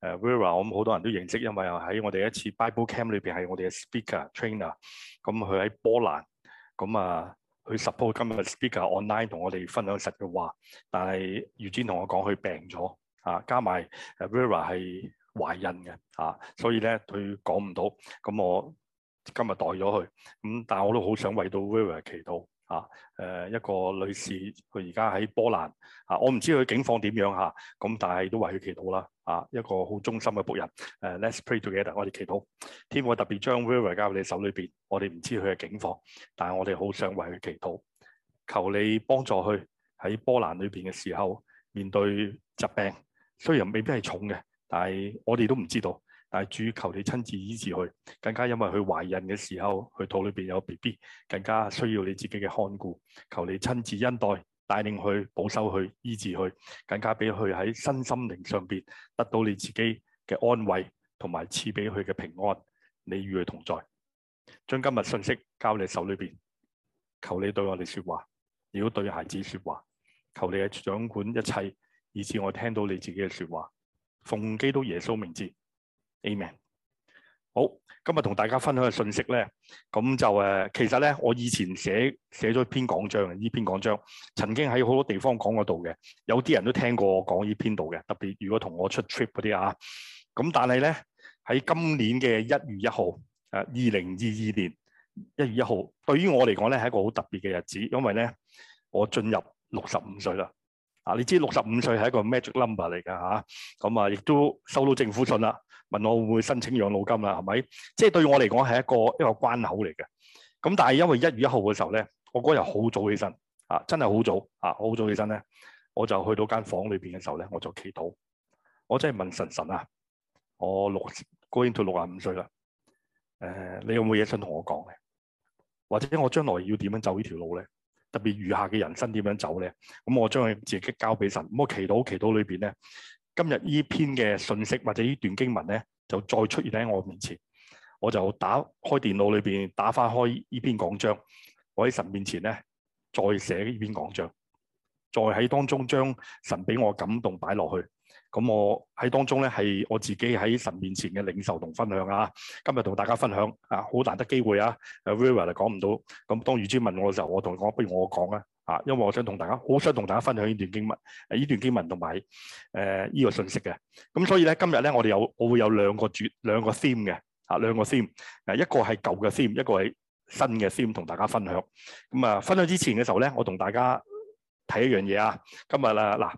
誒，Vera，我諗好多人都認識，因為喺我哋一次 Bible Camp 裏邊係我哋嘅 speaker trainer，咁佢喺波蘭，咁啊，佢 support 今日 speaker online 同我哋分享實嘅話，但係如堅同我講佢病咗，啊，加埋誒 Vera 係懷孕嘅，啊，所以咧佢講唔到，咁我今日代咗佢，咁但我都好想為到 Vera 祈禱。啊，誒一個女士，佢而家喺波蘭啊，我唔知佢嘅境況點樣嚇，咁但係都為佢祈禱啦。啊，一個好忠心嘅僕人，誒，Let's pray together，我哋祈禱。天父特別將 River 交喺你手裏邊，我哋唔知佢嘅境況，但係我哋好想為佢祈禱，求你幫助佢喺波蘭裏邊嘅時候面對疾病，雖然未必係重嘅，但係我哋都唔知道。但係主求你親自醫治佢，更加因為佢懷孕嘅時候，佢肚裏邊有 BB，更加需要你自己嘅看顧。求你親自恩待，帶領佢保守佢醫治佢，更加俾佢喺身心靈上邊得到你自己嘅安慰，同埋賜俾佢嘅平安。你與佢同在，將今日信息交你手裏邊。求你對我哋說話，如果對孩子說話，求你係掌管一切，以至我聽到你自己嘅說話。奉基督耶穌名字。好，今日同大家分享嘅信息咧，咁就誒，其實咧，我以前寫寫咗篇講章嘅呢篇講章，曾經喺好多地方講過道嘅，有啲人都聽過我講呢篇道嘅。特別如果同我出 trip 嗰啲啊，咁但係咧喺今年嘅一月一號誒，二零二二年一月一號，對於我嚟講咧係一個好特別嘅日子，因為咧我進入六十五歲啦。啊，你知六十五歲係一個 magic number 嚟㗎吓，咁啊，亦都收到政府信啦。問我會唔會申請養老金啦？係咪？即係對我嚟講係一個一個關口嚟嘅。咁但係因為一月一號嘅時候咧，我嗰日好早起身，啊，真係好早，啊，好早起身咧，我就去到間房裏邊嘅時候咧，我就祈禱，我真係問神神啊，我六 g o 六十五歲啦，誒、呃，你有冇嘢想同我講咧？或者我將來要點樣，樣走呢條路咧？特別餘下嘅人生點樣走咧？咁我將佢自己交俾神。咁我祈禱祈禱裏邊咧。今日呢篇嘅信息或者呢段經文咧，就再出現喺我面前，我就打開電腦裏邊打翻開呢篇講章，我喺神面前咧再寫呢篇講章，再喺當中將神俾我感動擺落去，咁我喺當中咧係我自己喺神面前嘅領受同分享啊！今日同大家分享啊，好難得機會啊！Ravel 講唔到，咁當宇尊問我嘅時候，我同佢講，不如我講啊！啊，因為我想同大家，好想同大家分享呢段經文，誒呢段經文同埋誒呢個信息嘅。咁所以咧，今日咧我哋有，我會有兩個主，兩個先嘅，啊兩個先，一個係舊嘅先，一個係新嘅先，同大家分享。咁啊，分享之前嘅時候咧，我同大家睇一樣嘢啊。今日啊嗱。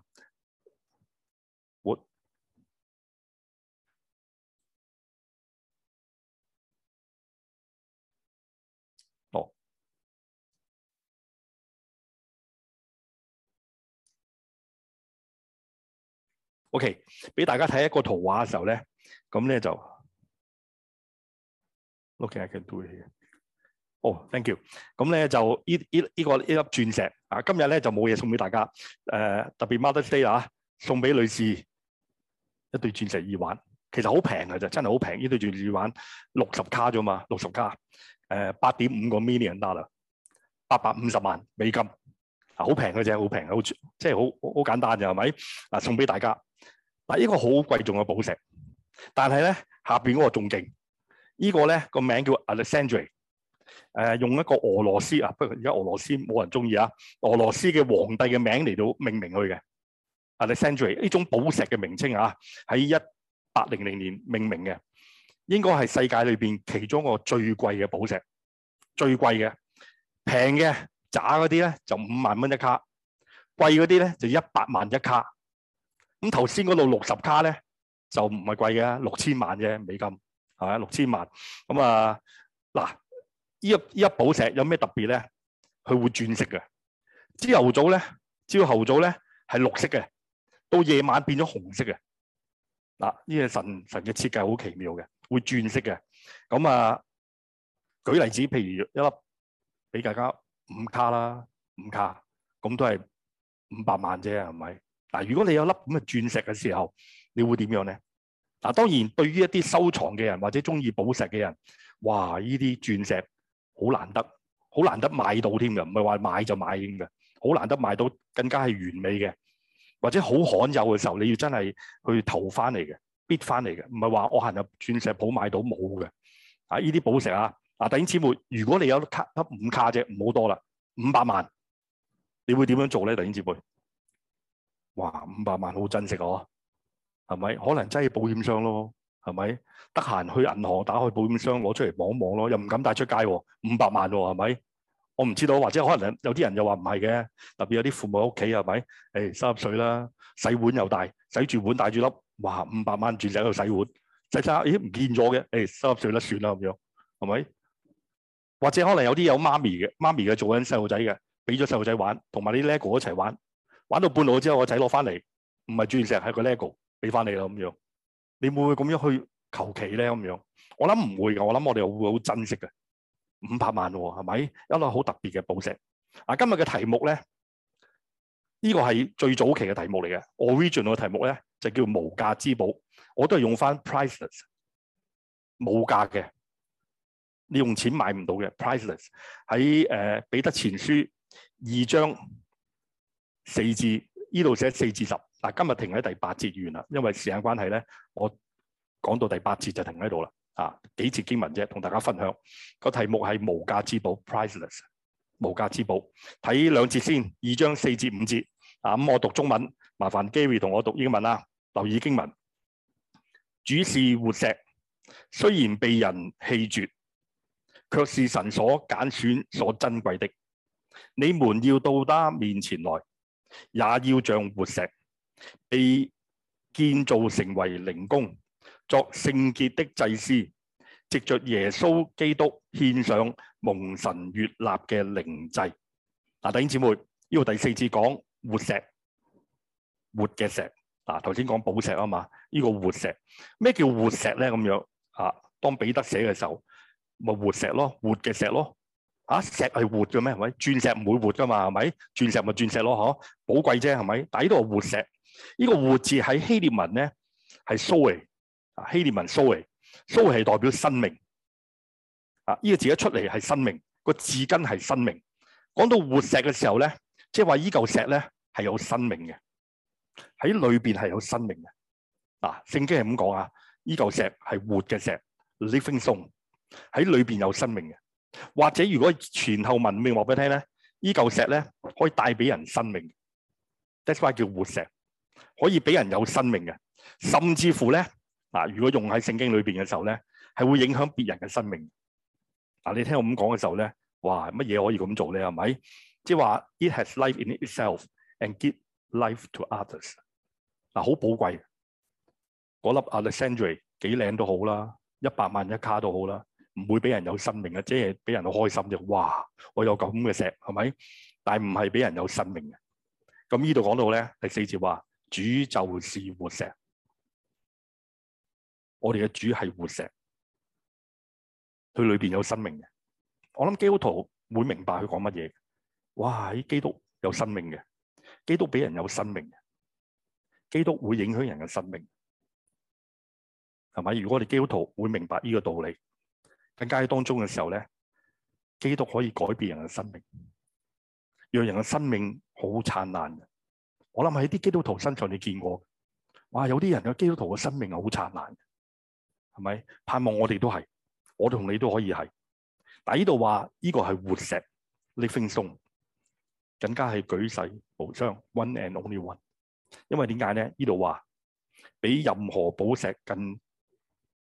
OK，俾大家睇一個圖畫嘅時候咧，咁咧就，OK，I can do it。哦，thank you。咁咧就依依依個依粒鑽石啊，今日咧就冇嘢送俾大家。誒、呃，特別 Mother's Day 啊，送俾女士一對鑽石耳環，其實好平嘅啫，真係好平。呢對鑽耳環六十卡啫嘛，六十卡，誒八點五個 million dollar，八百五十萬美金啊，好平嘅啫，好平嘅，好即係好好簡單嘅係咪？啊，送俾大家。啊！依個好貴重嘅寶石，但係咧下邊嗰個仲勁，依、這個咧、這個名叫 Alexandrite、呃、用一個俄羅斯啊，不過而家俄羅斯冇人中意啊，俄羅斯嘅皇帝嘅名嚟到命名去嘅 Alexandrite，呢種寶石嘅名稱啊，喺一八零零年命名嘅，應該係世界裏邊其中一個最貴嘅寶石，最貴嘅，平嘅渣嗰啲咧就五萬蚊一卡，貴嗰啲咧就一百萬一卡。咁頭先嗰度六十卡咧就唔係貴嘅，六千萬啫美金，係咪六千萬？咁啊嗱，呢一呢一寶石有咩特別咧？佢會轉色嘅，朝頭早咧，朝頭早咧係綠色嘅，到夜晚變咗紅色嘅。嗱、啊，呢、這、嘢、個、神神嘅設計好奇妙嘅，會轉色嘅。咁啊，舉例子，譬如一粒俾大家，五卡啦，五卡咁都係五百萬啫，係咪？嗱，如果你有粒咁嘅鑽石嘅時候，你會點樣咧？嗱，當然對於一啲收藏嘅人或者中意寶石嘅人，哇！呢啲鑽石好難得，好難得買到添嘅，唔係話買就買添嘅，好難得買到更加係完美嘅，或者好罕有嘅時候，你要真係去投翻嚟嘅 b i 翻嚟嘅，唔係話我行入鑽石鋪買到冇嘅。啊，依啲寶石啊，啊，頂尖姊妹，如果你有卡粒五卡啫，唔好多啦，五百萬，你會點樣做咧？頂尖姊妹。哇！五百萬好珍惜我，係咪？可能真係保險箱咯，係咪？得閒去銀行打開保險箱攞出嚟望一望咯，又唔敢帶出街喎、哦。五百萬喎、哦，係咪？我唔知道，或者可能有啲人又話唔係嘅，特別有啲父母屋企係咪？誒，三十歲啦，洗碗又大，洗住碗帶住粒，哇！五百萬轉仔喺度洗碗，洗曬咦？唔見咗嘅，誒、哎，三十歲啦，算啦咁樣，係咪？或者可能有啲有媽咪嘅，媽咪嘅做緊細路仔嘅，俾咗細路仔玩，同埋啲叻 e g 一齊玩。玩到半路之後，我仔攞翻嚟，唔係鑽石，係個 Lego 俾翻你啦咁樣。你會唔會咁樣去求其咧咁樣？我諗唔會㗎，我諗我哋會好珍惜嘅。五百萬喎、哦，係咪一粒好特別嘅寶石？啊，今日嘅題目咧，呢、呢個係最早期嘅題目嚟嘅。Origin 嘅題目咧就叫無價之寶，我都係用翻 priceless，無價嘅，你用錢買唔到嘅。priceless 喺誒彼、呃、得前書二章。四至呢度寫四至十，但今日停喺第八節完啦，因為時間關係咧，我講到第八節就停喺度啦。啊，幾節經文啫，同大家分享個題目係無價之寶 （priceless），無價之寶。睇兩節先，二章四至五節。啊，咁我讀中文，麻煩 Gary 同我讀英文啦。留意經文，主是活石，雖然被人棄絕，卻是神所揀選所珍貴的。你們要到他面前來。也要像活石，被建造成為靈宮，作聖潔的祭司，藉着耶穌基督獻上蒙神悅納嘅靈祭。嗱，弟兄姊妹，呢個第四次講活石，活嘅石。嗱，頭先講寶石啊嘛，呢個活石，咩叫活石咧？咁樣啊，當彼得寫嘅時候，咪活石咯，活嘅石咯。啊！石係活嘅咩？係咪？鑽石唔會活噶嘛？係咪？鑽石咪鑽石咯，嗬！寶貴啫，係咪？但呢度係活石，呢個活字喺希臘文咧係蘇嚟，啊、so、希臘文蘇、so、嚟，蘇、so、係代表生命。啊！呢個字一出嚟係生命，個字根係生命。講到活石嘅時候咧，即係話依嚿石咧係有生命嘅，喺裏邊係有生命嘅。嗱、啊，聖經係咁講啊，依嚿石係活嘅石，living stone 喺裏邊有生命嘅。或者如果前後文明話俾你聽咧，這呢嚿石咧可以帶俾人生命，that's why 叫活石，可以俾人有生命嘅，甚至乎咧嗱，如果用喺聖經裏邊嘅時候咧，係會影響別人嘅生命的。嗱、啊，你聽我咁講嘅時候咧，話乜嘢可以咁做咧？係咪？即係話 it has life in itself and give life to others、啊。嗱，好寶貴，嗰、那、粒、個、Alexandrite 幾靚都好啦，一百萬一卡都好啦。唔會俾人有生命嘅，即係俾人好開心啫。哇！我有咁嘅石，係咪？但係唔係俾人有生命嘅。咁呢度講到咧，第四節話主就是活石，我哋嘅主係活石，佢裏邊有生命嘅。我諗基督徒會明白佢講乜嘢。哇！基督有生命嘅，基督俾人有生命嘅，基督會影響人嘅生命，係咪？如果我哋基督徒會明白呢個道理。更加喺當中嘅時候咧，基督可以改變人嘅生命，讓人嘅生命好燦爛。我諗喺啲基督徒身上你見過的，哇！有啲人嘅基督徒嘅生命係好燦爛的，係咪？盼望我哋都係，我同你都可以係。但呢度話呢個係活石 living s 更加係舉世無雙 one and only one。因為點解咧？呢度話比任何寶石更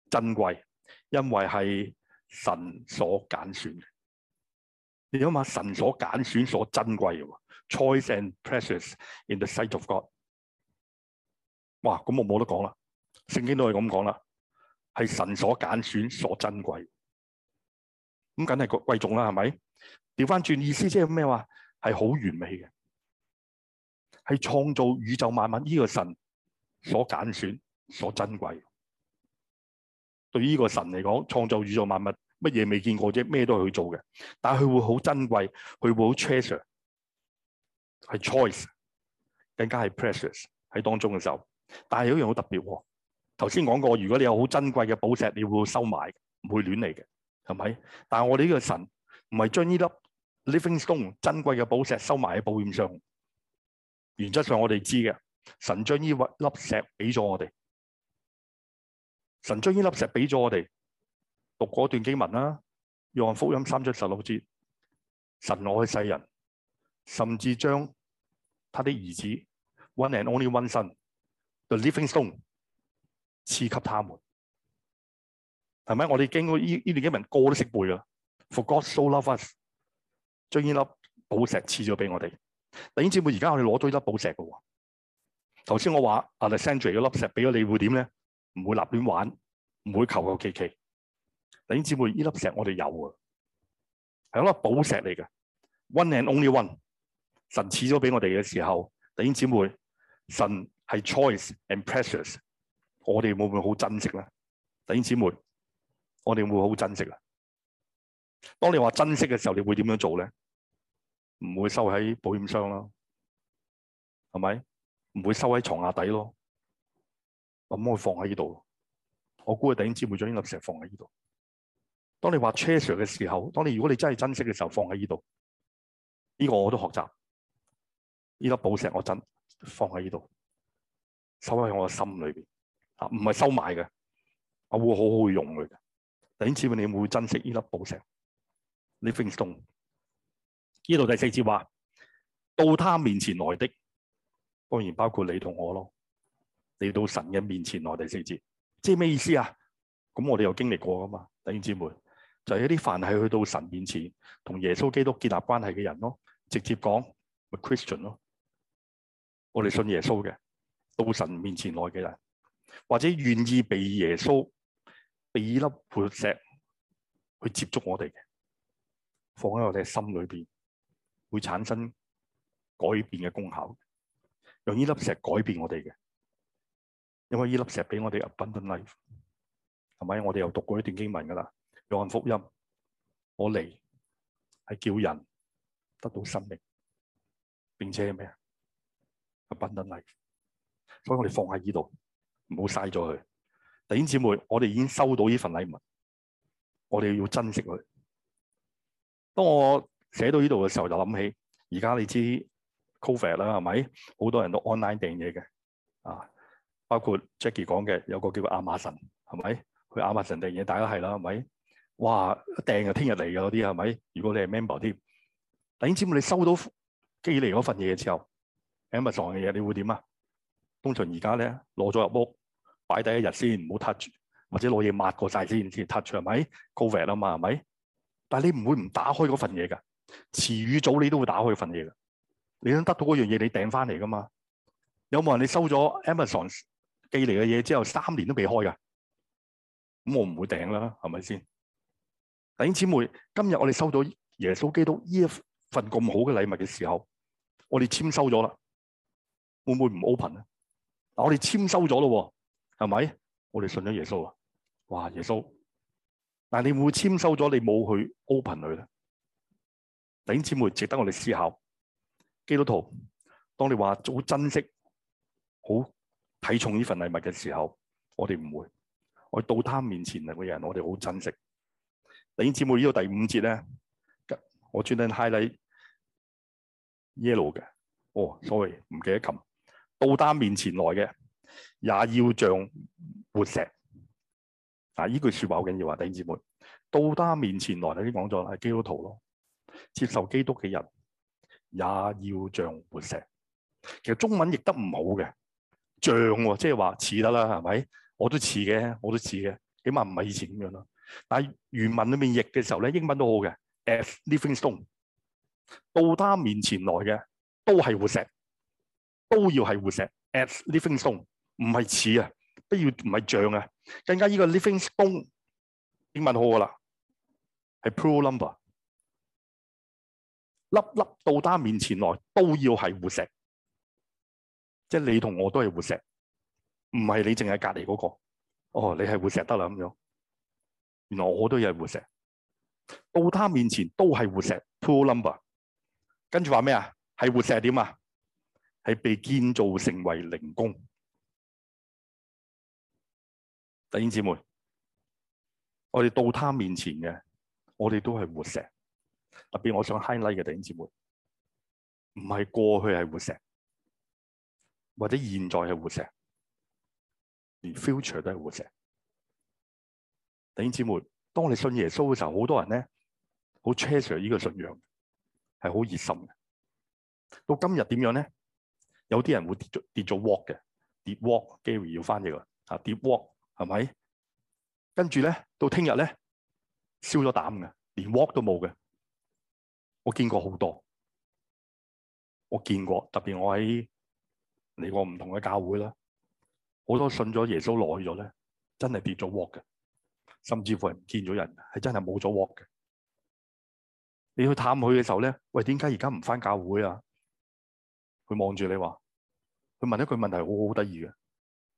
珍貴，因為係。神所揀選，你諗下，神所揀選所珍貴嘅，Choice and precious in the sight of God。哇，咁我冇得講啦，聖經都係咁講啦，係神所揀選所珍貴，咁梗係貴重啦，係咪？調翻轉意思，即係咩話？係好完美嘅，係創造宇宙萬物呢個神所揀選所珍貴。對於呢個神嚟講，創造宇宙萬物，乜嘢未見過啫？咩都係佢做嘅，但係佢會好珍貴，佢會好 treasure，係 choice，更加係 precious 喺當中嘅時候。但係有一樣好特別喎，頭先講過，如果你有好珍貴嘅寶石，你會收埋，唔會亂嚟嘅，係咪？但係我哋呢個神唔係將呢粒 living stone 珍貴嘅寶石收埋喺保險箱。原則上我哋知嘅，神將呢粒石俾咗我哋。神將呢粒石俾咗我哋，讀嗰段經文啦，《約翰福音》三章十六節，神愛世人，甚至將他的兒子，one and only one son，the living stone，賜給他們，係咪？我哋經過呢呢段經文個個都識背啦。For God so love us，將呢粒寶石賜咗俾我哋。弟兄姊妹，而家我哋攞咗呢粒寶石噶。頭先我話阿 Lisandro 嗰粒石俾咗你，會點咧？唔會立亂玩，唔會求求其其。弟兄姊妹，呢粒石我哋有啊，係一粒寶石嚟嘅，one and only one。神賜咗俾我哋嘅時候，弟兄姊妹，神係 choice and precious，我哋會唔會好珍惜咧？弟兄姊妹，我哋會唔會好珍惜啊！當你話珍惜嘅時候，你會點樣做咧？唔會收喺保險箱咯，係咪？唔會收喺床下底咯。咁我放喺呢度，我估佢頂姊妹將呢粒石放喺呢度。當你話 cher 嘅時候，當你如果你真係珍惜嘅時候，放在這裏，放喺呢度。呢個我都學習，呢粒寶石我真放喺呢度，收喺我嘅心裏面。啊，唔係收埋嘅，我會好好用佢嘅。頂姊會你會珍惜呢粒寶石？你 finish o n 呢度第四節話，到他面前來的，當然包括你同我咯。你到神嘅面前來第四節，即係咩意思啊？咁我哋又經歷過噶嘛，弟兄姊妹，就係、是、一啲凡係去到神面前同耶穌基督建立關係嘅人咯，直接講咪、就是、Christian 咯，我哋信耶穌嘅，到神面前來嘅人，或者願意被耶穌被呢粒活石去接觸我哋嘅，放喺我哋嘅心裏邊會產生改變嘅功效，用呢粒石改變我哋嘅。因為呢粒石俾我哋 abundant life，係咪？我哋又讀過呢段經文噶啦。約翰福音，我嚟係叫人得到生命，並且係咩啊 abundant life。所以我哋放喺呢度，唔好嘥咗佢。弟兄姊妹，我哋已經收到呢份禮物，我哋要珍惜佢。當我寫到呢度嘅時候，就諗起而家你知 covid 啦，係咪？好多人都 online 訂嘢嘅啊。包括 Jackie 講嘅有個叫 Amazon，係咪？去 Amazon 訂嘢大家係啦，係咪？哇，訂啊，聽日嚟嘅嗰啲，係咪？如果你係 member 添，等知道你收到寄嚟嗰份嘢嘅時候 Amazon 嘅嘢你會點啊？通常而家咧攞咗入屋擺第一日先，唔好 touch 住，或者攞嘢抹過晒先先 touch 住係咪？COVID 啊嘛係咪？但係你唔會唔打開嗰份嘢㗎，遲與早你都會打開份嘢㗎。你想得到嗰樣嘢，你訂翻嚟㗎嘛？有冇人你收咗 Amazon？寄嚟嘅嘢之後三年都未開㗎，咁我唔會訂啦，係咪先？弟兄姊妹，今日我哋收咗耶穌基督呢一份咁好嘅禮物嘅時候，我哋簽收咗啦，會唔會唔 open 咧？嗱，我哋簽收咗咯，係咪？我哋信咗耶穌啦，哇！耶穌，但你會唔會簽收咗，你冇去 open 佢咧？弟兄姊妹，值得我哋思考。基督徒，當你話好珍惜，好。睇重呢份禮物嘅時候，我哋唔會。我到他面前嚟嘅人，我哋好珍惜。弟兄姊妹，呢個第五節咧，我專登太麗 yellow 嘅。哦，sorry，唔記得撳。到他面前來嘅，也要像活石。啊，呢句説話好緊要啊！弟兄姊妹，到他面前來，頭先講咗係基督徒咯，接受基督嘅人也要像活石。其實中文譯得唔好嘅。像喎，即係話似得啦，係咪？我都似嘅，我都似嘅，起碼唔係以前咁樣啦。但係原文裏面譯嘅時候咧，英文都好嘅。As living stone，到他面前來嘅都係活石，都要係活石。As living stone，唔係似啊，都要唔係像啊。更加呢個 living stone，英文好噶啦，係 pro number，粒粒到他面前來都要係活石。即係你同我都係活石，唔係你淨係隔籬嗰個。哦，你係活石得啦咁樣。原來我都係活石，到他面前都係活石。Two number，跟住話咩啊？係活石點啊？係被建造成為靈宮。弟兄姊妹，我哋到他面前嘅，我哋都係活石。特別我想 highlight 嘅弟兄姊妹，唔係過去係活石。或者現在係活石，連 future 都係活石。弟兄姊妹，當你信耶穌嘅時候，好多人咧好 cherish 呢個信仰，係好熱心嘅。到今日點樣咧？有啲人會跌跌咗 walk 嘅，跌 walk。Gary 要翻譯啦，啊跌 walk 係咪？跟住咧，到聽日咧，燒咗膽嘅，連 walk 都冇嘅。我見過好多，我見過，特別我喺，嚟個唔同嘅教會啦，好多信咗耶穌落去咗咧，真係跌咗鑊嘅，甚至乎係唔見咗人，係真係冇咗鑊嘅。你去探佢嘅時候咧，喂，點解而家唔翻教會啊？佢望住你話，佢問一句問題，好好得意嘅。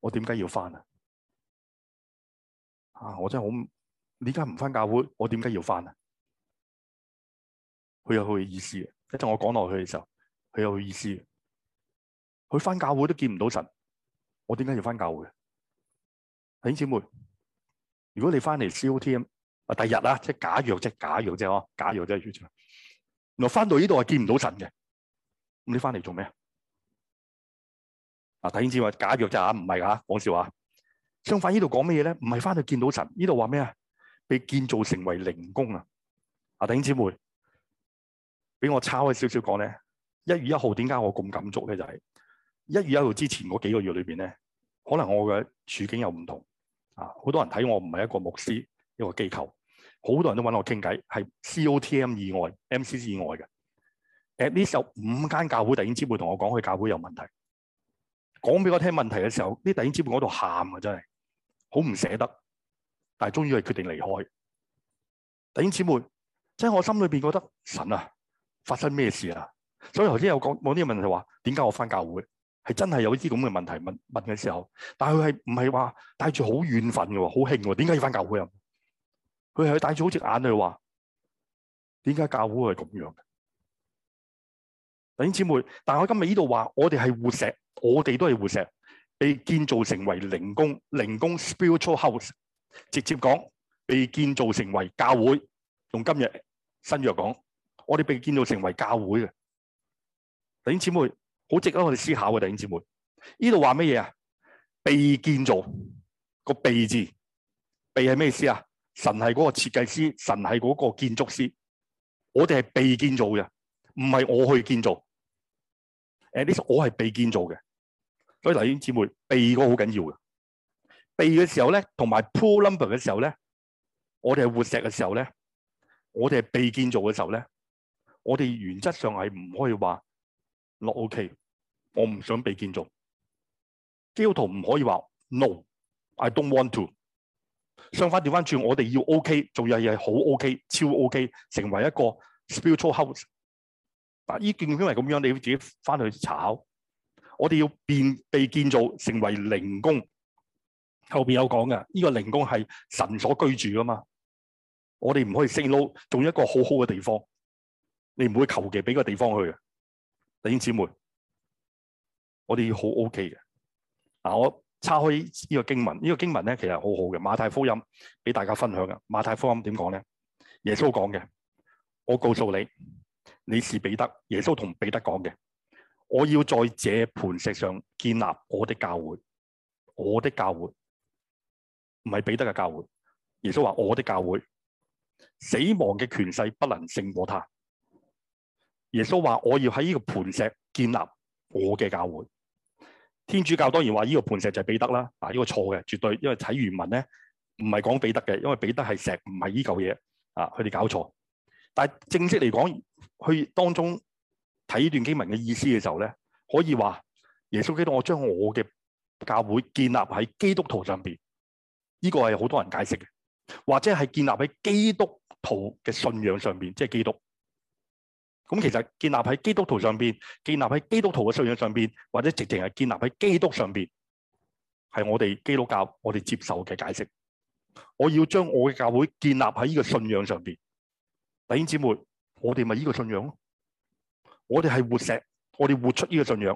我點解要翻啊？啊，我真係好，你點解唔翻教會，我點解要翻啊？佢有佢嘅意思嘅，一陣我講落去嘅時候，佢有佢意思。佢翻教會都見唔到神，我點解要翻教會？弟兄姊妹，如果你翻嚟 C.O.T.M 啊，第日啊，即係假藥啫，假藥啫，哦，假藥啫。原來翻到呢度係見唔到神嘅，咁你翻嚟做咩啊？啊，弟兄姊妹，假藥咋？啊，唔係啊，講笑話。相反，呢度講咩嘢咧？唔係翻去見到神，呢度話咩啊？被建造成為靈宮啊！啊，弟兄姊妹，俾我抄一少少講咧，一月一號點解我咁感觸咧？就係、是。一月一號之前嗰幾個月裏面咧，可能我嘅處境又唔同啊！好多人睇我唔係一個牧師，一個機構，好多人都搵我傾偈，係 COTM 以外、MCC 以外嘅。At least 有五間教會弟兄姊妹同我講，佢教會有問題，講俾我聽問題嘅時候，啲弟兄姊妹嗰度喊啊！真係好唔捨得，但係終於係決定離開。弟兄姊妹，真係我心裏面覺得神啊，發生咩事啊？所以頭先有講，冇呢個問題就話：點解我翻教會？係真係有啲咁嘅問題問問嘅時候，但係佢係唔係話帶住好怨憤嘅，好興嘅，點解要返教會啊？佢係帶住好只眼淚去話，點解教會係咁樣嘅？弟兄姊妹，但係我今日呢度話，我哋係活石，我哋都係活石，被建造成為靈工，靈工 spiritual house，直接講，被建造成為教會。用今日新約講，我哋被建造成為教會嘅。弟兄姊妹。好值得我哋思考嘅弟兄姊妹，呢度話乜嘢啊？被建造個被字，被係咩意思啊？神係嗰個設計師，神係嗰個建築師，我哋係被建造嘅，唔係我去建造。誒，呢我係被建造嘅，所以弟兄姊妹，被嗰個好緊要嘅。被嘅時候咧，同埋 pull number 嘅時候咧，我哋係活石嘅時候咧，我哋係被建造嘅時候咧，我哋原則上係唔可以話。落 OK，我唔想被建造。基督徒唔可以話 No，I don't want to。相反調翻轉，我哋要 OK，仲有嘢係好 OK、超 OK，成為一個 spiritual house。啊，依件因為咁樣，你要自己翻去查考。我哋要變被建造成為靈宮。後邊有講嘅，呢個靈宮係神所居住噶嘛。我哋唔可以 say no，做一個很好好嘅地方。你唔會求其俾個地方去。弟兄姊妹，我哋好 OK 嘅。嗱、啊，我叉開呢個經文，呢、這個經文咧，其實好好嘅，馬太福音俾大家分享嘅。馬太福音點講咧？耶穌講嘅，我告訴你，你是彼得。耶穌同彼得講嘅，我要在這磐石上建立我的教會。我的教會唔係彼得嘅教會。耶穌話：我的教會，死亡嘅權勢不能勝過他。耶穌話：我要喺呢個磐石建立我嘅教會。天主教當然話呢個磐石就係彼得啦，呢個錯嘅，絕對，因為睇原文咧唔係講彼得嘅，因為彼得係石，唔係呢嚿嘢啊，佢哋搞錯。但係正式嚟講，去當中睇呢段經文嘅意思嘅時候咧，可以話耶穌基督我將我嘅教會建立喺基督徒上邊，呢個係好多人解釋嘅，或者係建立喺基督徒嘅信仰上邊，即係基督。咁其實建立喺基督徒上邊，建立喺基督徒嘅信仰上邊，或者直情係建立喺基督上邊，係我哋基督教我哋接受嘅解釋。我要將我嘅教會建立喺呢個信仰上邊。弟兄姊妹，我哋咪呢個信仰咯。我哋係活石，我哋活出呢個信仰，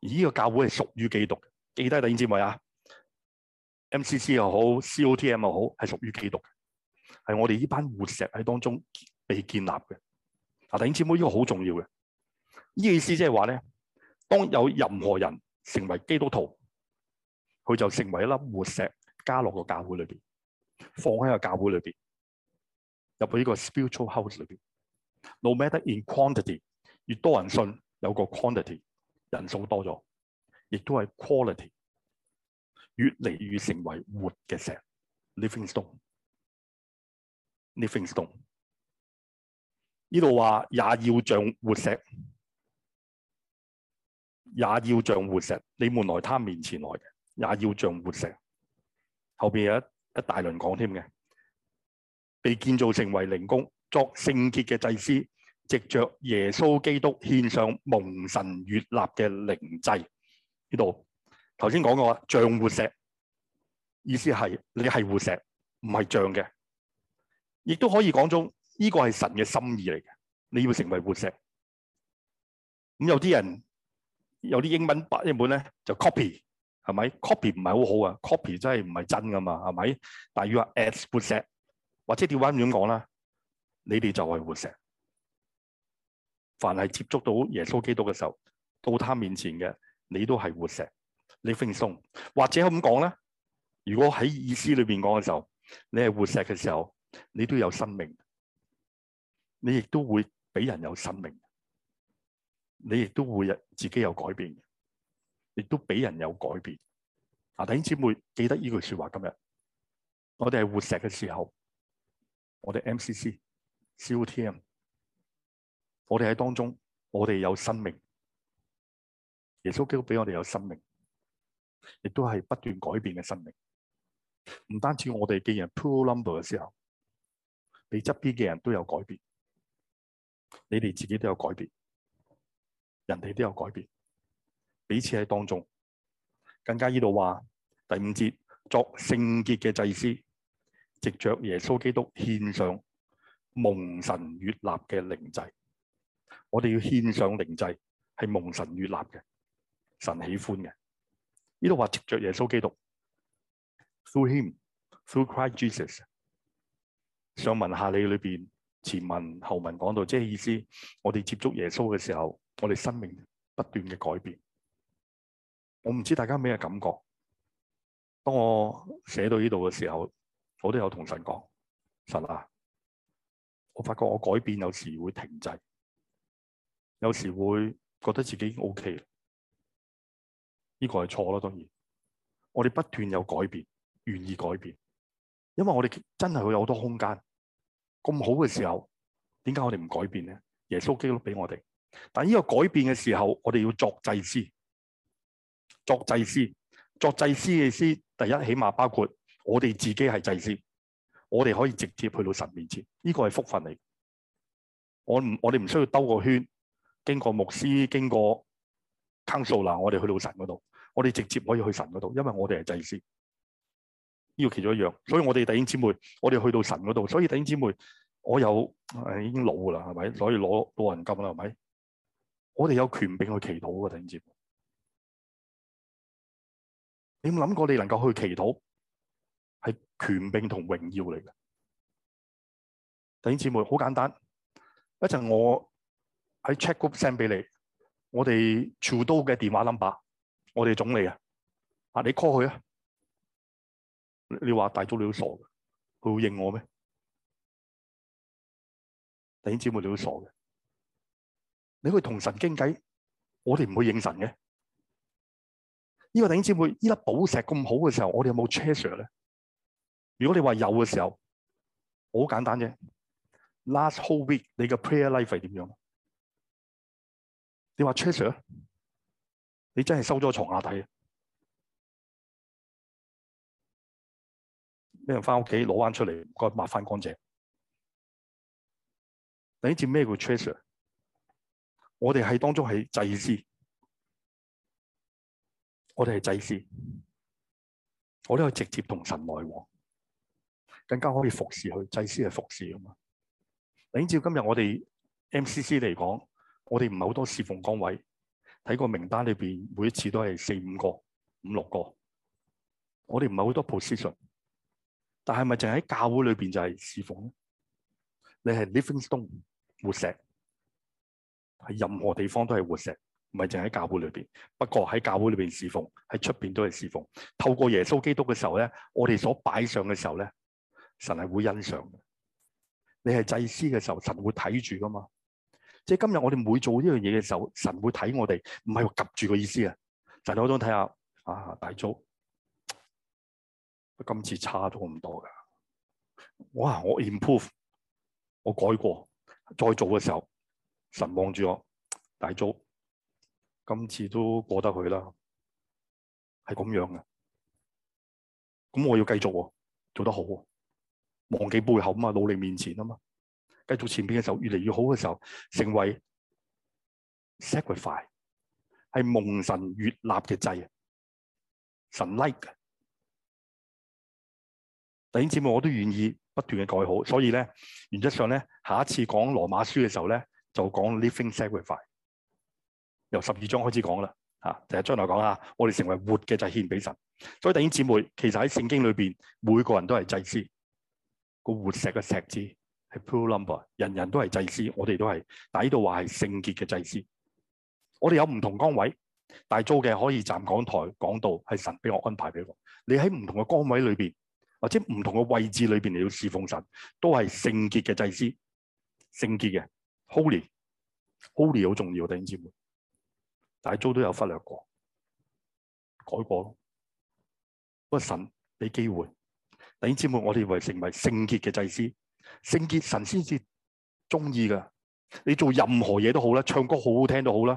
而呢個教會係屬於基督。記得，弟兄姊妹啊，MCC 又好，COTM 又好，係屬於基督的，係我哋呢班活石喺當中被建立嘅。嗱頂姊妹呢個好重要嘅，呢意思即係話咧，當有任何人成為基督徒，佢就成為一粒活石，加落個教會裏邊，放喺個教會裏邊，入去呢個 spiritual house 裏邊。No matter in quantity，越多人信，有個 quantity 人數多咗，亦都係 quality 越嚟越成為活嘅石，living stone，living stone。Stone. 呢度話，也要像活石，也要像活石。你們來他面前來嘅，也要像活石。後邊有一一大輪講添嘅，被建造成為靈宮，作聖潔嘅祭司，藉着耶穌基督獻上蒙神悅納嘅靈祭。呢度頭先講過話像活石，意思係你係活石，唔係像嘅，亦都可以講中。呢個係神嘅心意嚟嘅，你要成為活石。咁有啲人有啲英文版日本咧就 copy 係咪？copy 唔係好好啊，copy 真係唔係真㗎嘛，係咪？但係你話 as 活石，或者調翻轉咁講啦，你哋就係活石。凡係接觸到耶穌基督嘅時候，到他面前嘅你都係活石。你輕鬆，或者咁講咧，如果喺意思裏邊講嘅時候，你係活石嘅時候，你都有生命。你亦都會俾人有生命，你亦都會自己有改變，亦都俾人有改變。啊，弟兄姊妹記得呢句說話今天。今日我哋係活石嘅時候，我哋 MCC、CUTM，我哋喺當中，我哋有生命。耶穌基督俾我哋有生命，亦都係不斷改變嘅生命。唔單止我哋嘅人 pull number 嘅時候，你側邊嘅人都有改變。你哋自己都有改變，人哋都有改變，彼此喺當中更加。呢度話第五節，作聖潔嘅祭司，藉着耶穌基督獻上蒙神悅納嘅靈祭。我哋要獻上靈祭，係蒙神悅納嘅，神喜歡嘅。呢度話藉着耶穌基督 through him, through Christ Jesus。想問下你裏邊？前文後文講到，即係意思，我哋接觸耶穌嘅時候，我哋生命不斷嘅改變。我唔知大家咩感覺。當我寫到呢度嘅時候，我都有同神講：神啊，我發覺我改變有時會停滯，有時會覺得自己已經 OK。呢個係錯咯，當然。我哋不斷有改變，願意改變，因為我哋真係會有好多空間。咁好嘅時候，點解我哋唔改變咧？耶穌基督俾我哋，但係呢個改變嘅時候，我哋要作祭司。作祭司，作祭司嘅先，第一起碼包括我哋自己係祭司，我哋可以直接去到神面前。呢、這個係福分嚟，我唔，我哋唔需要兜個圈，經過牧師，經過坑 o u 啦，我哋去到神嗰度，我哋直接可以去神嗰度，因為我哋係祭司。要其中一樣，所以我哋弟兄姊妹，我哋去到神嗰度，所以弟兄姊妹，我有、哎、已經老噶啦，係咪？所以攞老人金啦，係咪？我哋有權柄去祈禱嘅弟兄姊妹，你冇諗過你能夠去祈禱係權柄同榮耀嚟嘅？弟兄姊妹，好簡單，一陣我喺 check group send 俾你，我哋潮到嘅電話 number，我哋總理啊，啊，你 call 佢啊。你話大足你好傻嘅，佢會認我咩？弟兄姊妹你好傻嘅，你去同神傾偈，我哋唔會認神嘅。呢、這個弟兄姊妹，呢粒寶石咁好嘅時候，我哋有冇 treasure 咧？如果你話有嘅時候，好簡單啫。Last whole week 你嘅 prayer life 係點樣？你話 treasure？你真係收咗床下底。咩人翻屋企攞翻出嚟，唔該抹翻乾淨。等知咩叫 treasure？我哋係當中係祭司，我哋係祭司，我哋係直接同神來往，更加可以服侍佢。祭司係服侍噶嘛？等住今日我哋 MCC 嚟講，我哋唔係好多侍奉崗位，睇個名單裏邊每一次都係四五個、五六個，我哋唔係好多 position。但係咪淨喺教會裏邊就係侍奉咧？你係 living stone 活石，喺任何地方都係活石，唔係淨喺教會裏邊。不過喺教會裏邊侍奉，喺出邊都係侍奉。透過耶穌基督嘅時候咧，我哋所擺上嘅時候咧，神係會欣賞嘅。你係祭司嘅時候，神會睇住噶嘛？即係今日我哋每做呢樣嘢嘅時候，神會睇我哋，唔係話及住個意思嘅。陳老總睇下啊，大祖。今次差咗咁多噶，哇，我 improve，我改過，再做嘅時候，神望住我，大早，今次都過得去啦，係咁樣嘅。咁我要繼續、啊，做得好、啊，忘記背後啊嘛，努力面前啊嘛，繼續前邊嘅時候越嚟越好嘅時候，成為 sacrifice，係蒙神悅納嘅祭，神 like。弟兄姊妹，我都願意不斷嘅改好，所以咧，原則上咧，下一次講羅馬書嘅時候咧，就講 Living Sacrifice，由十二章開始講啦。吓，第日將來講啊，講下我哋成為活嘅就獻俾神。所以弟兄姊妹，其實喺聖經裏邊，每個人都係祭司，個活石嘅石字係 proof number，人人都係祭司，我哋都係，但係度話係聖潔嘅祭司。我哋有唔同崗位，大租嘅可以站講台講到，講道，係神俾我安排俾我。你喺唔同嘅崗位裏邊。或者唔同嘅位置裏邊嚟到侍奉神，都係聖潔嘅祭司，聖潔嘅 Holy，Holy 好重要，弟兄姊妹，但係都有忽略過，改過。不過神俾機會，弟兄姊妹，我哋為成為聖潔嘅祭司，聖潔神先至中意噶。你做任何嘢都好啦，唱歌好好聽都好啦，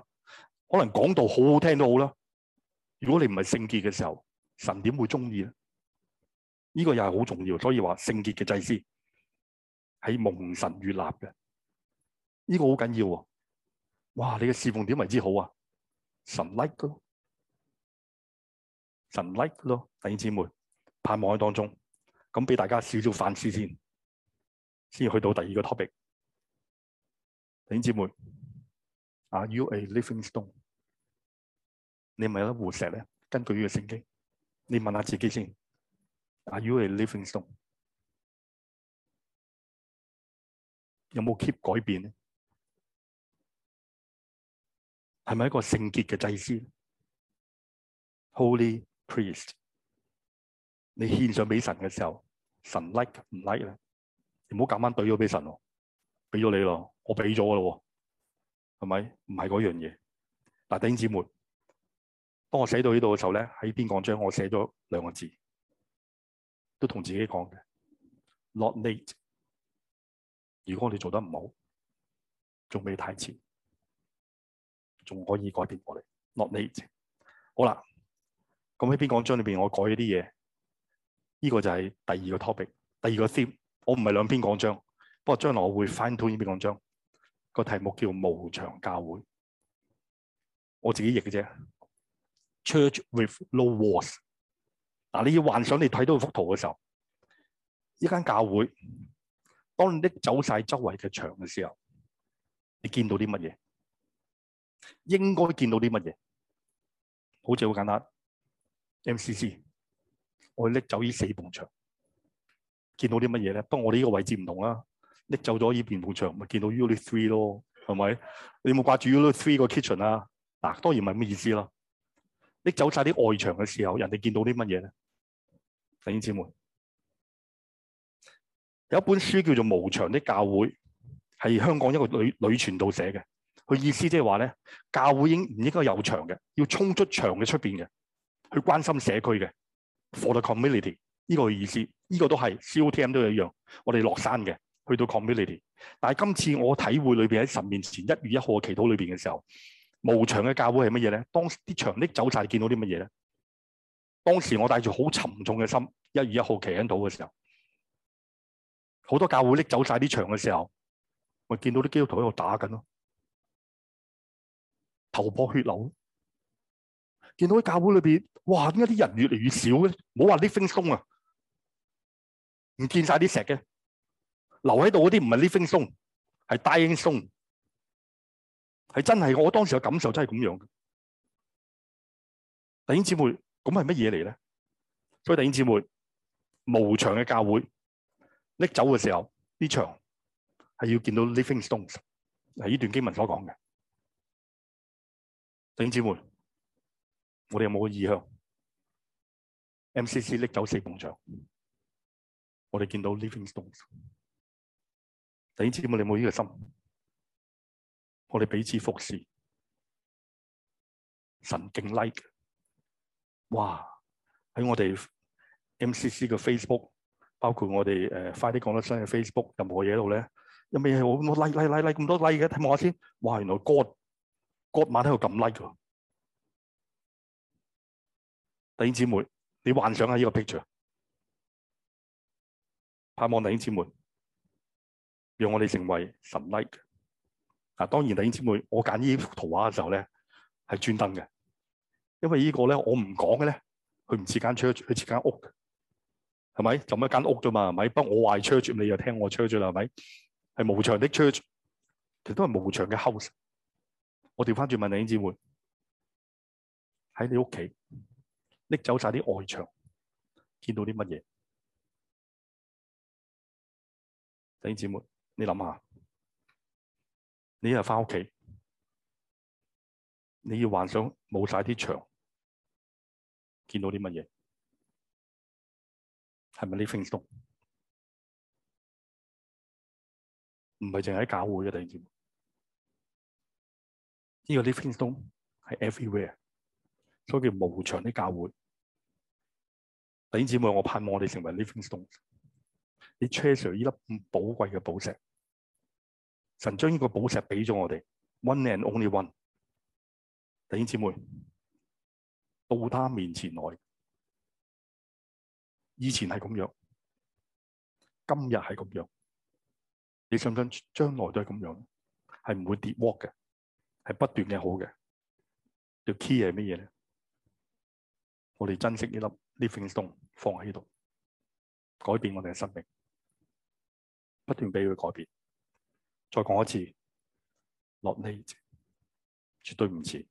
可能講道好好聽都好啦。如果你唔係聖潔嘅時候，神點會中意啊？呢個又係好重要，所以話聖潔嘅祭司喺蒙神悅納嘅，呢、這個好緊要喎、哦。哇，你嘅侍奉點為之好啊？神 like 咯，神 like 咯，弟兄姊妹，盼望喺當中。咁俾大家少少反思先，先去到第二個 topic。弟兄姊妹，Are you a living stone，你咪有得活石咧？根據呢個聖經，你問下自己先。Are you a living stone，有冇 keep 改變咧？係咪一個聖潔嘅祭司？Holy priest，你獻上俾神嘅時候，神 like 唔 like 咧？你唔好夾硬懟咗俾神，俾咗你咯，我俾咗噶咯，係咪？唔係嗰樣嘢。嗱，弟兄姊妹，當我寫到呢度嘅時候咧，喺邊講章我寫咗兩個字。都同自己講嘅，not late。如果你做得唔好，仲未太遲，仲可以改變我哋。not late 好。好啦，咁喺邊講章裏面我改咗啲嘢。呢、這個就係第二個 topic，第二個 tip。我唔係兩篇講章，不過將來我會翻通呢篇講章。個題目叫無牆教會，我自己譯嘅啫，Church with low、no、walls。嗱、啊，你要幻想你睇到幅圖嘅時候，一間教會，當你拎走晒周圍嘅牆嘅時候，你見到啲乜嘢？應該見到啲乜嘢？好似好簡單，MCC，我拎走呢四埲牆，見到啲乜嘢咧？不過我哋呢個位置唔同啦，啊，拎走咗呢邊埲牆，咪見到 Unit Three 咯，係咪？你沒有冇掛住 Unit Three 個 kitchen 啊？嗱、啊，當然唔係咩意思咯，啊。走晒啲外牆嘅時候，人哋見到啲乜嘢？咧？弟兄姊妹，有一本書叫做《無牆的教會》，係香港一個女女傳道寫嘅。佢意思即係話咧，教會應唔應該有牆嘅？要衝出牆嘅出邊嘅，去關心社區嘅，for the community 呢個意思，呢、這個都係 COTM 都一樣。我哋落山嘅，去到 community。但係今次我體會裏邊喺十年前一月一號嘅祈禱裏邊嘅時候。無牆嘅教會係乜嘢咧？當時啲牆搦走晒，你見到啲乜嘢咧？當時我帶住好沉重嘅心，一月一號企喺度嘅時候，好多教會搦走晒啲牆嘅時候，咪見到啲基督徒喺度打緊咯，頭破血流。見到啲教會裏邊，哇！點解啲人越嚟越少嘅？唔好話啲冰松啊，唔見晒啲石嘅，留喺度嗰啲唔係啲冰松，係大英松。係真係，我當時嘅感受真係咁樣嘅。弟兄姊妹，咁係乜嘢嚟咧？所以弟兄姊妹，無牆嘅教會拎走嘅時候，呢場係要見到 Living Stones，係呢段經文所講嘅。弟兄姊妹，我哋有冇個意向？MCC 拎走四埲牆，我哋見到 Living Stones。弟兄姊妹，你有冇呢個心？我哋彼此服侍，神敬 like，哇！喺我哋 MCC 嘅 Facebook，包括我哋誒、呃、快啲講得新嘅 Facebook，任何嘢度咧，有咩好 like？like？like？like？咁多 like 嘅睇望下先。哇！原來 God God 晚喺度撳 like，弟兄姊妹，你幻想下呢個 picture，盼望弟兄姊妹，讓我哋成為神 like。嗱，當然弟兄姊妹，我揀呢幅圖畫嘅時候咧，係專登嘅，因為呢個咧，我唔講嘅咧，佢唔似間 church，佢似間屋，係咪？就咁一間屋啫嘛，係咪？不過我壞 church，你又聽我 church 啦，係咪？係無牆的 church，其實都係無牆嘅 house。我調翻轉問弟兄姊妹：喺你屋企，拎走晒啲外牆，見到啲乜嘢？弟兄姊妹，你諗下。你又翻屋企，你要幻想冇晒啲牆，見到啲乜嘢？係咪 livingstone？唔係淨係喺教會嘅弟兄姊妹，呢個 livingstone 係 everywhere，所以叫無牆啲教會。弟兄姊妹，我盼望我哋成為 livingstone，你 treasure 呢粒咁寶貴嘅寶石。神將呢個寶石俾咗我哋，One and only one。弟兄姊妹，到他面前來。以前係咁樣，今日係咁樣，你信唔信將來都係咁樣？係唔會跌窩嘅，係不斷嘅好嘅。個 key 係咩嘢咧？我哋珍惜呢粒 living stone，放喺度，改變我哋嘅生命，不斷俾佢改變。再講一次，落呢節絕對唔遲。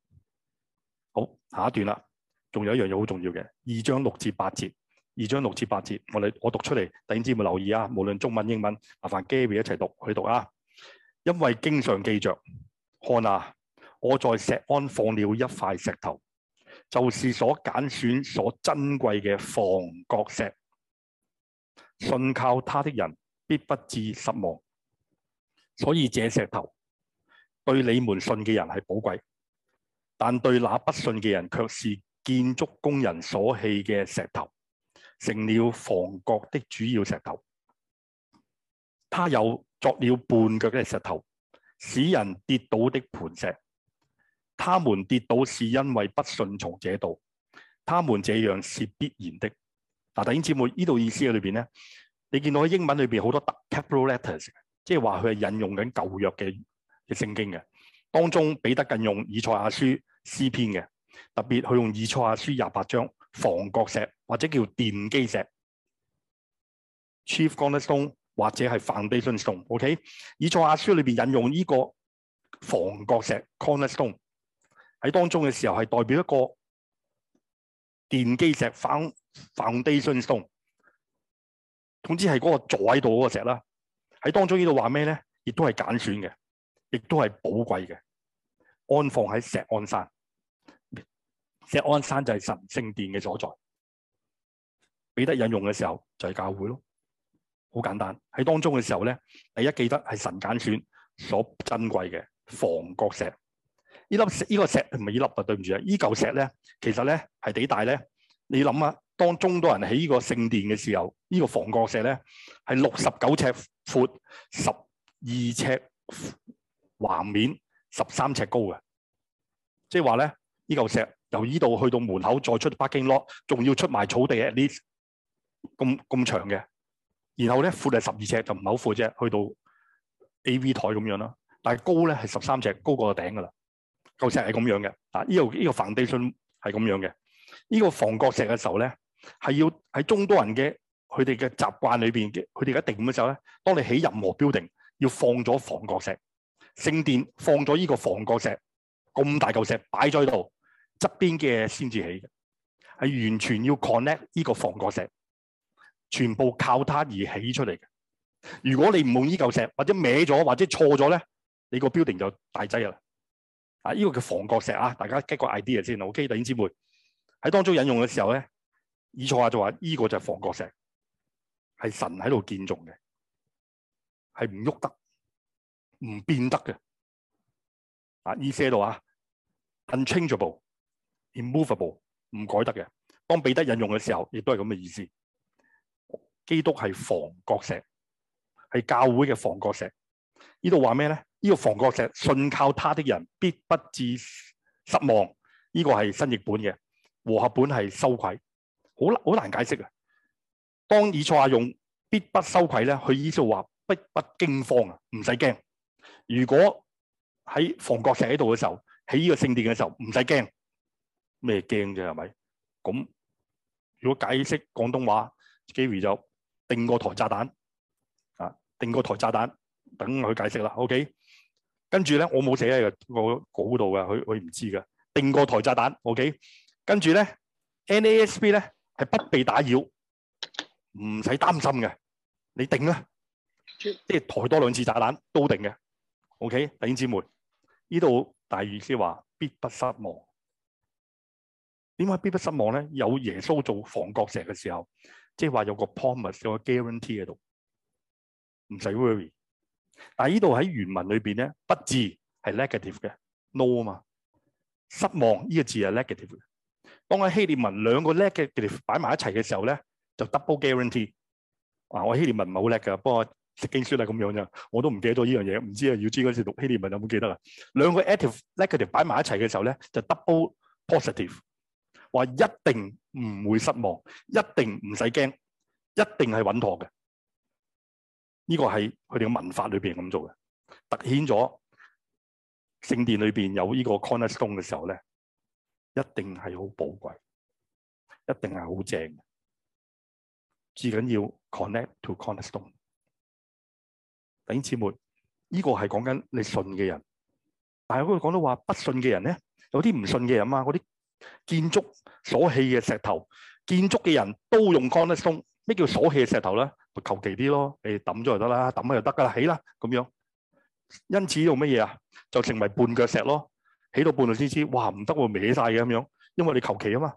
好，下一段啦。仲有一樣嘢好重要嘅，二章六至八節。二章六至八節，我哋我讀出嚟，弟兄姊妹留意啊。無論中文英文，麻煩 Gary 一齊讀去。讀啊。因為經常記着：「看啊，我在錫安放了一塊石頭，就是所揀選、所珍貴嘅房角石。信靠他的人必不至失望。所以這石頭對你們信嘅人係寶貴，但對那不信嘅人卻是建築工人所棄嘅石頭，成了房角的主要石頭。他又作了絆腳嘅石頭，使人跌倒的磐石。他們跌倒是因為不信從這道，他們這樣是必然的。嗱，弟兄姊妹，呢、這、度、個、意思裏邊咧，你見到喺英文裏邊好多大 capital letters。即係話佢係引用緊舊約嘅嘅聖經嘅，當中彼得更用以賽亞書詩篇嘅，特別佢用以賽亞書廿八章房角石或者叫奠基石 chief cornerstone 或者係 foundation stone，OK？、Okay? 以賽亞書裏邊引用呢個房角石 cornerstone 喺當中嘅時候係代表一個奠基石 found foundation stone，總之係嗰個坐喺度嗰個石啦。喺當中呢度話咩咧？亦都係揀選嘅，亦都係寶貴嘅，安放喺錫安山。錫安山就係神聖殿嘅所在。畀得引用嘅時候就係教會咯，好簡單。喺當中嘅時候咧，你一記得係神揀選所珍貴嘅房角石。呢粒石，呢個石係咪呢粒啊，對唔住啊，呢嚿石咧其實咧係幾大咧？你諗下。當中多人喺呢個聖殿嘅時候，呢、這個房角石咧，係六十九尺闊，十二尺橫面，十三尺高嘅，即係話咧呢嚿、這個、石由呢度去到門口再出 parking lot，仲要出埋草地啊！at least 咁咁長嘅，然後咧闊係十二尺就唔係好闊啫，去到 AV 台咁樣啦，但係高咧係十三尺，高過個頂噶啦。嚿、這個、石係咁樣嘅啊！呢、這個呢個 foundation 係咁樣嘅，呢、這個房角石嘅時候咧。係要喺中多人嘅佢哋嘅習慣裏邊，佢哋嘅定五嘅時候咧，當你起任何 building 要放咗房角石，聖殿放咗呢個房角石，咁大嚿石擺咗喺度，側邊嘅先至起，係完全要 connect 呢個房角石，全部靠它而起出嚟嘅。如果你唔用呢嚿石，或者歪咗，或者錯咗咧，你個 building 就大劑啦。啊，呢個叫房角石啊，大家 get 個 idea 先。OK，弟兄姊妹喺當中引用嘅時候咧。以賽亞就話：呢、這個就係房角石，係神喺度建重嘅，係唔喐得、唔變得嘅。啊，呢寫度啊，unchangeable、immoveable，唔改得嘅。當彼得引用嘅時候，亦都係咁嘅意思。基督係房角石，係教會嘅房角石。這裏呢度話咩咧？呢、這個房角石，信靠他的人必不致失望。呢、這個係新譯本嘅和合本係羞愧。好難好難解釋啊！當以賽亞用必不羞愧咧，佢意思話必不驚慌啊，唔使驚。如果喺房角石喺度嘅時候，喺呢個聖殿嘅時候，唔使驚，咩驚啫，係咪？咁如果解釋廣東話，Gary 就定過抬炸彈啊，定過抬炸彈等佢解釋啦。OK，跟住咧我冇寫喺、呢個、我稿度噶，佢佢唔知噶。定過抬炸彈，OK，跟住咧 NASB 咧。NAS 係不被打擾，唔使擔心嘅，你定啦，即係抬多兩次炸彈都定嘅。OK，弟兄姊妹，呢度大意係話必不失望。點解必不失望咧？有耶穌做房角石嘅時候，即係話有個 promise、有個 guarantee 喺度，唔使 worry。但係呢度喺原文裏面咧，不字係 negative 嘅，no 吖嘛，失望呢個字係 negative。當阿希臘文兩個 negative 佢哋擺埋一齊嘅時候咧，就 double guarantee。啊，我希臘文唔係好叻㗎，不過食經書係咁樣啫，我都唔記得咗呢樣嘢，唔知啊。要知嗰時讀希臘文有冇記得啊？兩個 active、negative 擺埋一齊嘅時候咧，就 double positive。話一定唔會失望，一定唔使驚，一定係穩妥嘅。呢、這個係佢哋嘅文化裏邊咁做嘅。突顯咗聖殿裏邊有呢個 cornerstone 嘅時候咧。一定係好寶貴，一定係好正。至緊要 connect to cornerstone。等次末，呢個係講緊你信嘅人。但係佢度講到話，不信嘅人咧，有啲唔信嘅人啊嘛，嗰啲建築所棄嘅石頭，建築嘅人都用 cornerstone。咩叫所棄嘅石頭咧？咪求其啲咯，你抌咗就得啦，抌啊就得噶啦，起啦咁樣。因此用乜嘢啊？就成為半腳石咯。起到半路先知道，哇唔得喎，會歪晒嘅咁樣，因為你求其啊嘛。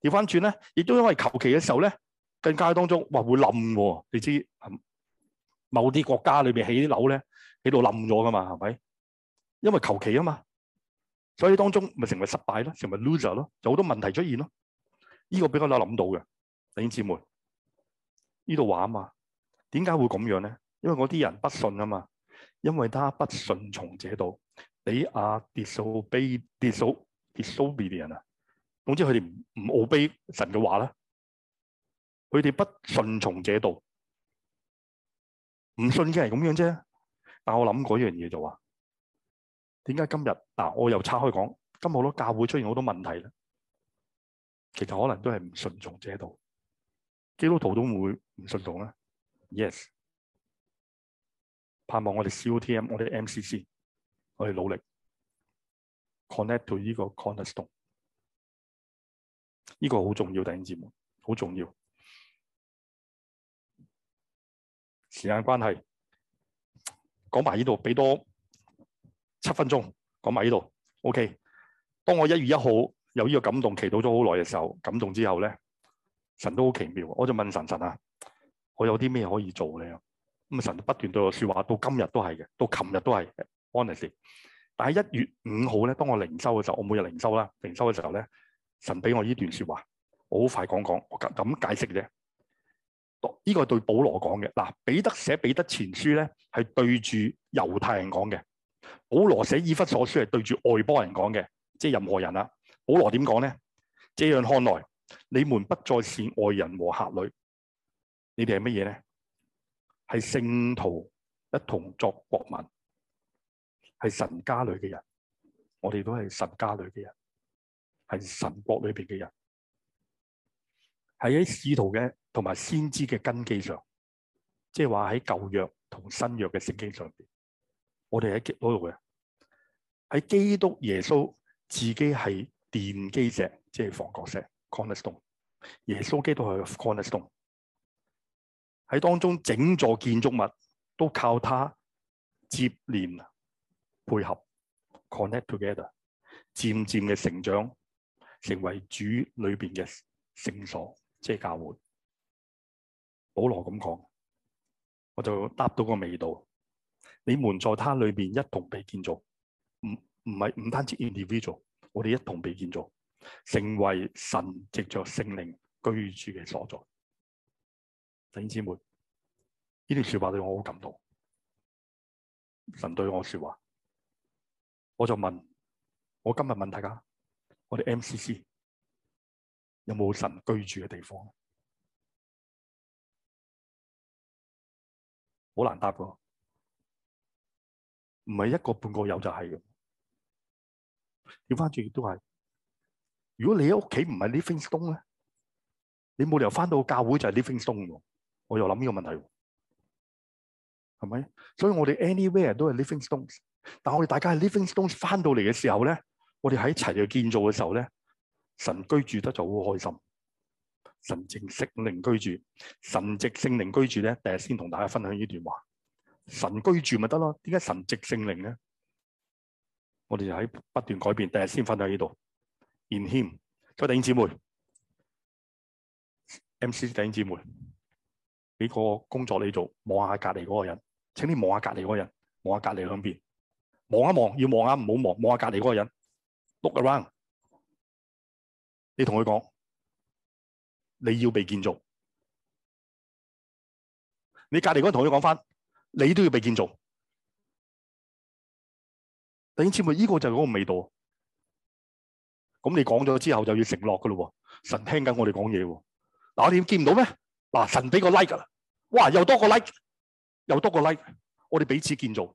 調翻轉咧，亦都因為求其嘅時候咧，更加當中哇會冧喎，你知某啲國家裏邊起啲樓咧，起到冧咗噶嘛，係咪？因為求其啊嘛，所以當中咪成為失敗咯，成為 loser 咯，就好多問題出現咯。呢、這個畀我有諗到嘅，弟兄姊妹，呢度話啊嘛，點解會咁樣咧？因為嗰啲人不信啊嘛，因為他不順從這道。你阿 disobedient, disobed 的人啊，總之佢哋唔唔 obey 神嘅話啦，佢哋不順從者道，唔信嘅係咁樣啫。但我諗嗰樣嘢就話、是，點解今日嗱、啊、我又岔開講，今日好多教會出現好多問題咧，其實可能都係唔順從者道，基督徒都會唔順從啦。Yes，盼望我哋 COTM，我哋 MCC。我哋努力 connect 到呢個 cornerstone，呢個好重要節目，弟兄姊妹，好重要。時間關係，講埋呢度，俾多七分鐘講埋呢度。OK，當我一月一號有呢個感動，祈禱咗好耐嘅時候，感動之後咧，神都好奇妙，我就問神，神啊，我有啲咩可以做咧？咁啊，神不斷對我説話，到今日都係嘅，到琴日都係。Honestly, 但喺一月五號咧，當我靈修嘅時候，我每日靈修啦，靈修嘅時候咧，神俾我呢段說話，我好快講講，我咁咁解釋嘅。呢、這個係對保羅講嘅。嗱，彼得寫彼得前書咧，係對住猶太人講嘅；保羅寫以弗所書係對住外邦人講嘅，即係任何人啦，啊。保羅點講咧？這樣看來，你們不再是外人和客旅。你哋係乜嘢咧？係聖徒，一同作國民。係神家裏嘅人，我哋都係神家裏嘅人，係神國裏邊嘅人，係喺使徒嘅同埋先知嘅根基上，即係話喺舊約同新約嘅聖經上邊，我哋喺基督嗰度嘅，喺基督耶穌自己係奠基石，即係房角石，cornerstone。Cornerstone，耶穌基督係 cornerstone，喺當中整座建築物都靠它接連。配合 connect together，漸漸嘅成長，成為主裏邊嘅聖所，即係教會。保羅咁講，我就答到個味道：，你們在他裏邊一同被建造，唔唔係唔單止 individual 我哋一同被建造，成為神藉着聖靈居住嘅所在。弟兄姊妹，呢啲說話對我好感動，神對我說話。我就問，我今日問大家，我哋 MCC 有冇神居住嘅地方？好難答噶，唔係一個半個有就係嘅。調翻轉亦都係，如果你喺屋企唔係 living stone 咧，你冇理由翻到教會就係 living stone。我又諗呢個問題，係咪？所以我哋 anywhere 都係 living stones。但我哋大家喺 Living Stones 翻到嚟嘅時候咧，我哋喺一齊去建造嘅時候咧，神居住得就好開心。神正聖靈居住，神直聖靈居住咧，第日先同大家分享呢段話。神居住咪得咯？點解神直聖靈咧？我哋就喺不斷改變。第日先分享呢度。In Him，各位，弟兄姊妹，M C，弟兄姊妹，你個工作你做，望下隔籬嗰個人，請你望下隔籬嗰個人，望下隔籬兩邊。望一望，要望下，唔好望，望下隔籬嗰個人。Look around，你同佢講，你要被建造。你隔籬嗰個同佢講翻，你都要被建造。等住咪，依個就係嗰個味道。咁你講咗之後就要承諾噶咯。神聽緊我哋講嘢。嗱，你見唔到咩？嗱，神俾個 like 噶啦。哇，又多個 like，又多個 like，我哋彼此建造。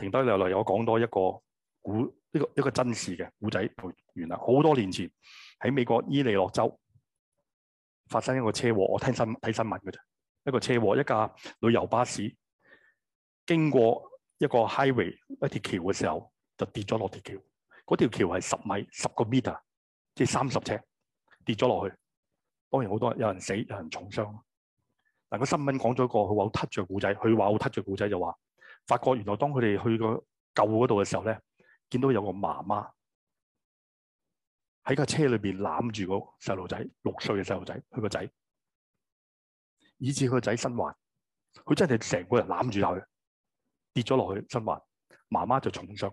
停低又嚟，我講多一個古一個一個真事嘅古仔。原來，好多年前喺美國伊利諾州發生一個車禍，我聽新睇新聞嘅啫。一個車禍，一架旅遊巴士經過一個 highway 一鐵橋嘅時候，就跌咗落鐵橋。嗰條橋係十米十個 meter，即係三十尺跌咗落去。當然好多人有人死，有人重傷。嗱、個新聞講咗一個佢話好好撻着古仔，佢話好撻着古仔就話。發覺原來當佢哋去個舊嗰度嘅時候咧，見到有個媽媽喺架車裏邊攬住個細路仔，六歲嘅細路仔，佢個仔，以至佢個仔生還，佢真係成個人攬住佢跌咗落去生還，媽媽就重傷。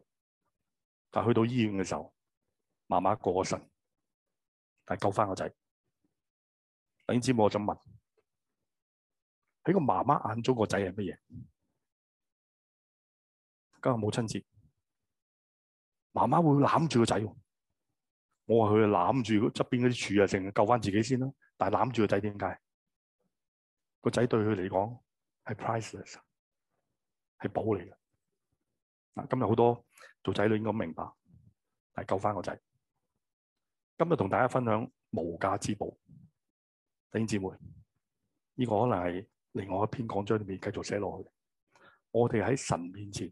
但去到醫院嘅時候，媽媽過咗身，但救翻個仔。點知我想問喺個媽媽眼中個仔係乜嘢？今日母親節，媽媽會攬住個仔。我話佢攬住側邊嗰啲柱啊，剩救翻自己先啦。但係攬住個仔點解？個仔對佢嚟講係 priceless，係寶嚟嘅。嗱，今日好多做仔女應該明白，但係救翻個仔。今日同大家分享無價之寶，弟兄姊妹，呢個可能係另外一篇講章裏面繼續寫落去。我哋喺神面前。